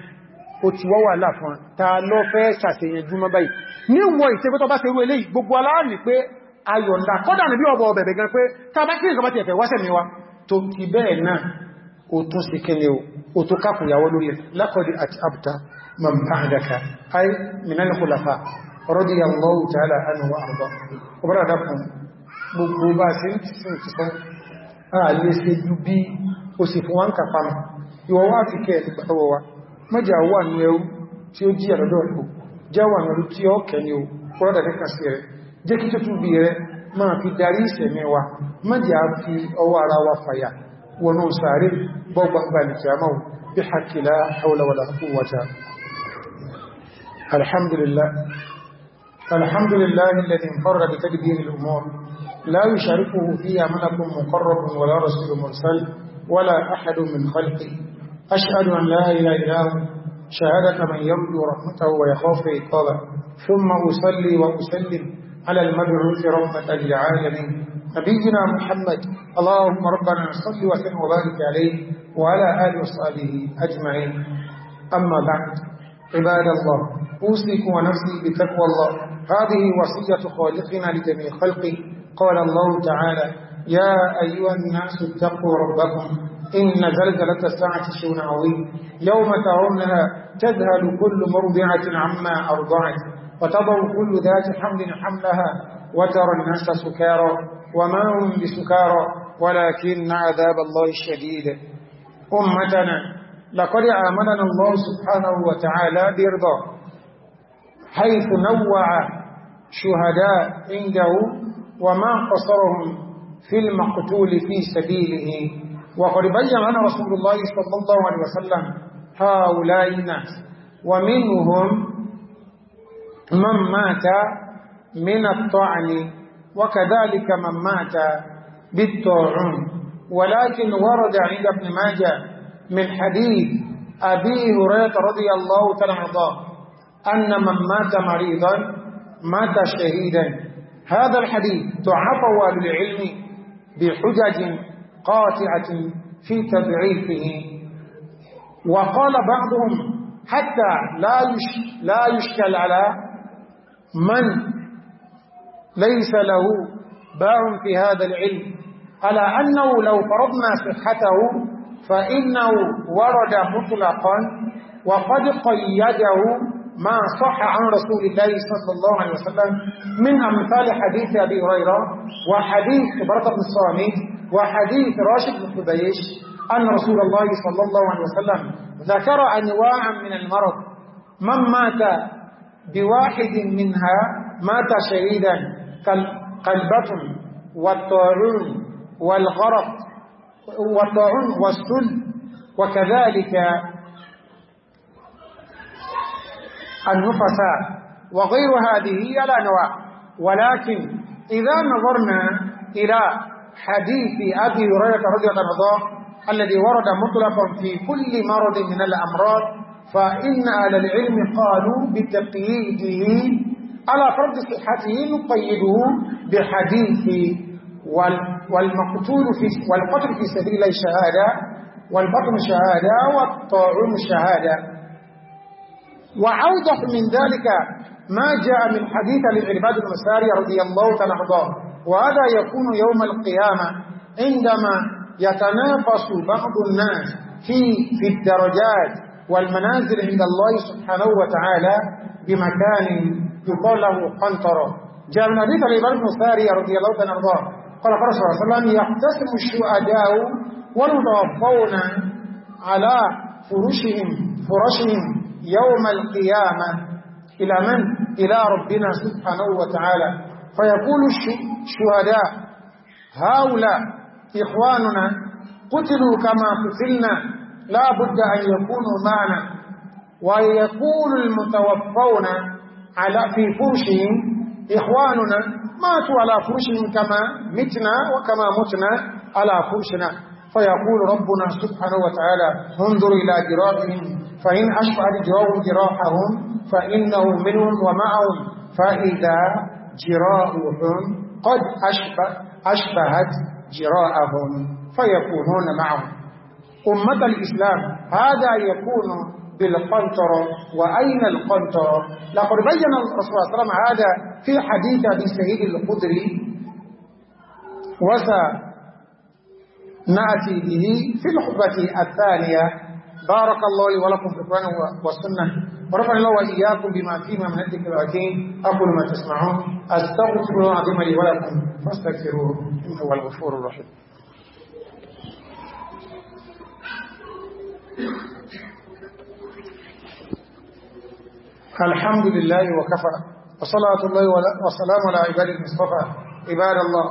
ó ti wọ́wà láfọn ta lọ fẹ́ ṣàṣeyànjú mọ́ báyìí níwọ̀ ìtẹ́gbẹ́ tó bá ṣe rú eléyìí gbogbo aláàrí pé ayọ̀ndà kọ́dà níbi ọ̀bọ̀ ọ̀bẹ̀bẹ̀ gan pé ta bá kí nǹkan bá ti ẹ̀fẹ̀ wáṣẹ̀ mi wá tó ti bẹ́ẹ̀ náà ó tún sí kí ni ó tó kákùn ìyàwó lórí ẹ̀ lákọ̀dí àti àbúta man ba'daka ay minal ìwọ̀wọ́ àti kẹ́ẹ̀ ti mẹ́jà wà ní ẹrú tí ó jí àdọ́dọ̀ ẹ̀kù jẹ́ wà ní ẹrú tí ó kẹni o kọ́lọ́dà kẹ́kà sí rẹ̀ jẹ́ kí tútù bí rẹ̀ máa fi darí ìsẹ̀mẹ́ wa mẹ́jà fi ọwọ́ ara wa fàyà wọnú sàárè bọ́gbàmbà الحمد لله الحمد لله الذي انفرد بتدبير الأمور لا يشاركه فيها ملك مقرب ولا رسول مرسل ولا أحد من خلقه أشهد أن لا إله إلا هو شهادة من يرجو رحمته ويخاف عقابه ثم أصلي وأسلم على المبعوث رحمة للعالمين نبينا محمد اللهم ربنا صل وسلم وبارك عليه وعلى آله وصحبه أجمعين أما بعد عباد الله أوصيكم ونفسي بتقوى الله هذه وصية خالقنا لجميع خلقه قال الله تعالى يا أيها الناس اتقوا ربكم إن زلزلة الساعة شيء عظيم يوم ترونها تذهل كل مرضعة عما أرضعت وتضع كل ذات حمل حملها وترى الناس سكارى وما هم بسكارى ولكن عذاب الله الشديد أمتنا لقد آمننا الله سبحانه وتعالى برضا حيث نوع شهداء عنده وما قصرهم في المقتول في سبيله وقد بيّن رسول الله صلى الله عليه وسلم هؤلاء الناس ومنهم من مات من الطعن وكذلك من مات بالطعن ولكن ورد عند ابن ماجه من حديث أبي هريرة رضي الله تعالى أن من مات مريضا مات شهيدا هذا الحديث تعطوا للعلم بحجج قاطعة في تضعيفه وقال بعضهم حتى لا لا يشكل على من ليس له باع في هذا العلم على أنه لو فرضنا صحته فإنه ورد مطلقا وقد قيده ما صح عن رسول الله صلى الله عليه وسلم من أمثال حديث أبي هريرة وحديث برطة الصامت وحديث راشد بن خبيش أن رسول الله صلى الله عليه وسلم ذكر أنواعا من المرض من مات بواحد منها مات شهيدا كالبطن والطاعون والغرق والطاعون والسل وكذلك النفساء وغير هذه على نواع ولكن إذا نظرنا إلى حديث أبي هريرة رضي الله عنه الذي ورد مطلقا في كل مرض من الأمراض فإن أهل العلم قالوا بتقييده على فرض صحته نقيده بحديث والمقتول في والقتل في سبيل الله شهادة والبطن شهادة والطاعون شهادة وأوضح من ذلك ما جاء من حديث لعباد المساري رضي الله عنه وهذا يكون يوم القيامة عندما يتنافس بعض الناس في, في الدرجات والمنازل عند الله سبحانه وتعالى بمكان يقال له قنطرة جاء من حديث الإبان بن ساري رضي الله عنه قال قال صلى الله عليه وسلم يقتسم الشهداء والمتوفون على فرشهم فرشهم يوم القيامة إلى من؟ إلى ربنا سبحانه وتعالى فيقول الشهداء هؤلاء إخواننا قتلوا كما قتلنا لا بد أن يكونوا معنا ويقول المتوفون على في فرشهم إخواننا ماتوا على فرشهم كما متنا وكما متنا على فرشنا فيقول ربنا سبحانه وتعالى انظر إلى جراحهم فإن أشفع الجراح جراحهم فإنه منهم ومعهم فإذا جراؤهم قد أشبه أشبهت جراءهم فيكونون معهم أمة الإسلام هذا يكون بالقنطرة وأين القنطرة لقد بين الرسول صلى الله عليه وسلم هذا في حديث أبي سعيد القدري وسنأتي به في الخطبة الثانية بارك الله لي ولكم في القرآن والسنة ورفع الله وإياكم بما فيما من الذكر الحكيم أقول ما تسمعون أستغفر الله العظيم لي ولكم فاستغفروه إنه هو الغفور الرحيم الحمد لله وكفى وصلاة الله وسلام على عباد المصطفى عباد الله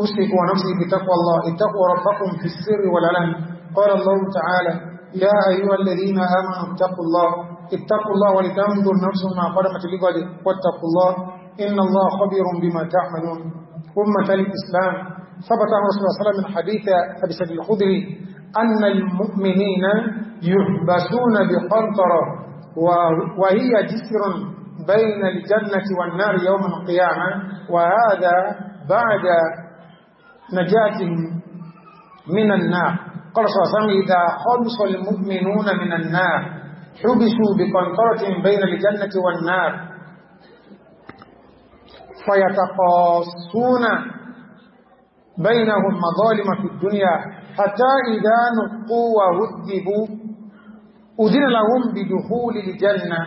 أوصيك ونفسي بتقوى الله اتقوا ربكم في السر والعلن قال الله تعالى يا أيها الذين آمنوا اتقوا الله اتقوا الله ولتنظر نفس ما قدمت لغد واتقوا الله إن الله خبير بما تعملون أمة الإسلام ثبت عن رسول الله صلى الله عليه وسلم من حديث أبي سعيد الخدري أن المؤمنين يحبسون بقنطرة وهي جسر بين الجنة والنار يوم القيامة وهذا بعد نجاة من النار قال صلى الله عليه وسلم إذا خلص المؤمنون من النار حبسوا بقنطرة بين الجنة والنار فيتقاصون بينهم مظالم في الدنيا حتى إذا نقوا وهذبوا أذن لهم بدخول الجنة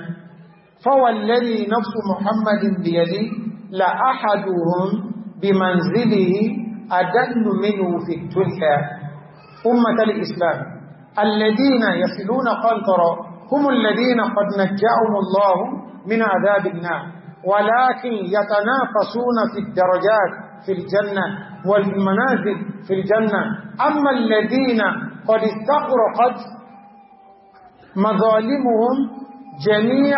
فوالذي نفس محمد بيدي لأحدهم بمنزله أدن منه في الدنيا أمة الإسلام الذين يصلون قنطرة هم الذين قد نجاهم الله من عذاب النار ولكن يتنافسون في الدرجات في الجنة والمنازل في الجنة أما الذين قد استغرقت مظالمهم جميع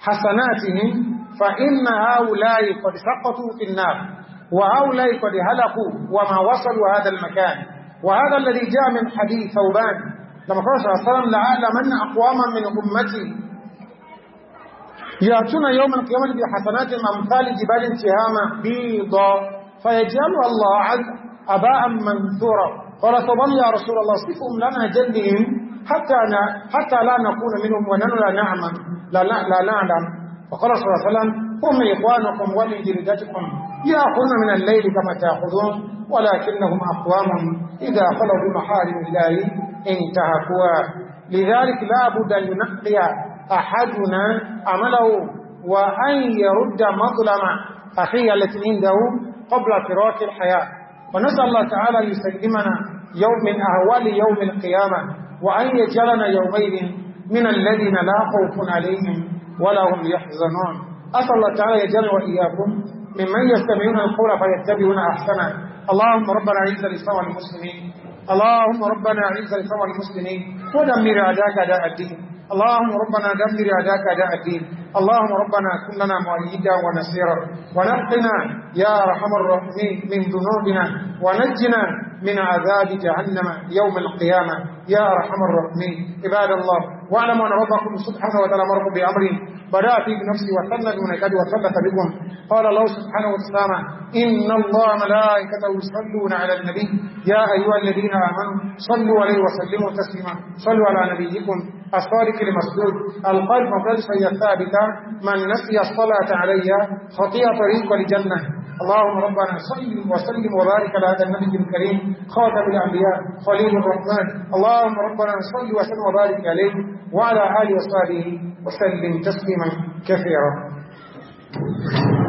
حسناتهم فإن هؤلاء قد سقطوا في النار وهؤلاء قد هلكوا وما وصلوا هذا المكان وهذا الذي جاء من حديث ثوبان لما قال صلى الله عليه وسلم لعلمن أقواما من أمتي يأتون يوم القيامة بحسنات أمثال جبال سهام بيضا فيجعل الله عز أباء منثورا قال طبعا يا رسول الله صفهم لنا جدهم حتى, حتى لا نكون منهم ونحن لا نعلم لا, لا, لا نعلم فقال صلى الله عليه وسلم هم إخوانكم ولي جلدتكم يأخذون من الليل كما تأخذون ولكنهم أقوام إذا خلوا بمحارم الله انتهكوها لذلك لا بد أن ينقي أحدنا عمله وأن يرد مظلم أخيه التي عنده قبل فراق الحياة ونسأل الله تعالى يسلمنا يوم من أهوال يوم القيامة وأن يجعلنا يومين من الذين لا خوف عليهم ولا هم يحزنون أسأل الله تعالى يجعل وإياكم ممن يستمعون القول فيتبعون أحسنه اللهم ربنا عز الإسلام والمسلمين اللهم ربنا اعز الاسلام والمسلمين ودمر اعداءك اعداء الدين اللهم ربنا دمر اعداءك اعداء الدين اللهم ربنا كن لنا مؤيدا ونصيرا ونقنا يا ارحم الراحمين من ذنوبنا ونجنا من عذاب جهنم يوم القيامه يا ارحم الراحمين عباد الله واعلم أن ربكم سبحانه وتعالى مركم بامر بدأ في نفسي وثنى قد وثبت بكم قال الله سبحانه وتعالى إن الله ملائكته يصلون على النبي يا أيها الذين آمنوا صلوا عليه وسلموا تسليما صلوا على نبيكم الصادق المسدود القلب مفلسة الثابتة من نسي الصلاة علي خطيئة طريق الجنه اللهم ربنا صل وسلم وبارك على هذا النبي الكريم خاتم الانبياء خليل الرحمن اللهم ربنا صل وسلم وبارك عليه وعلى آله وصحبه وسلم تسليما كثيرا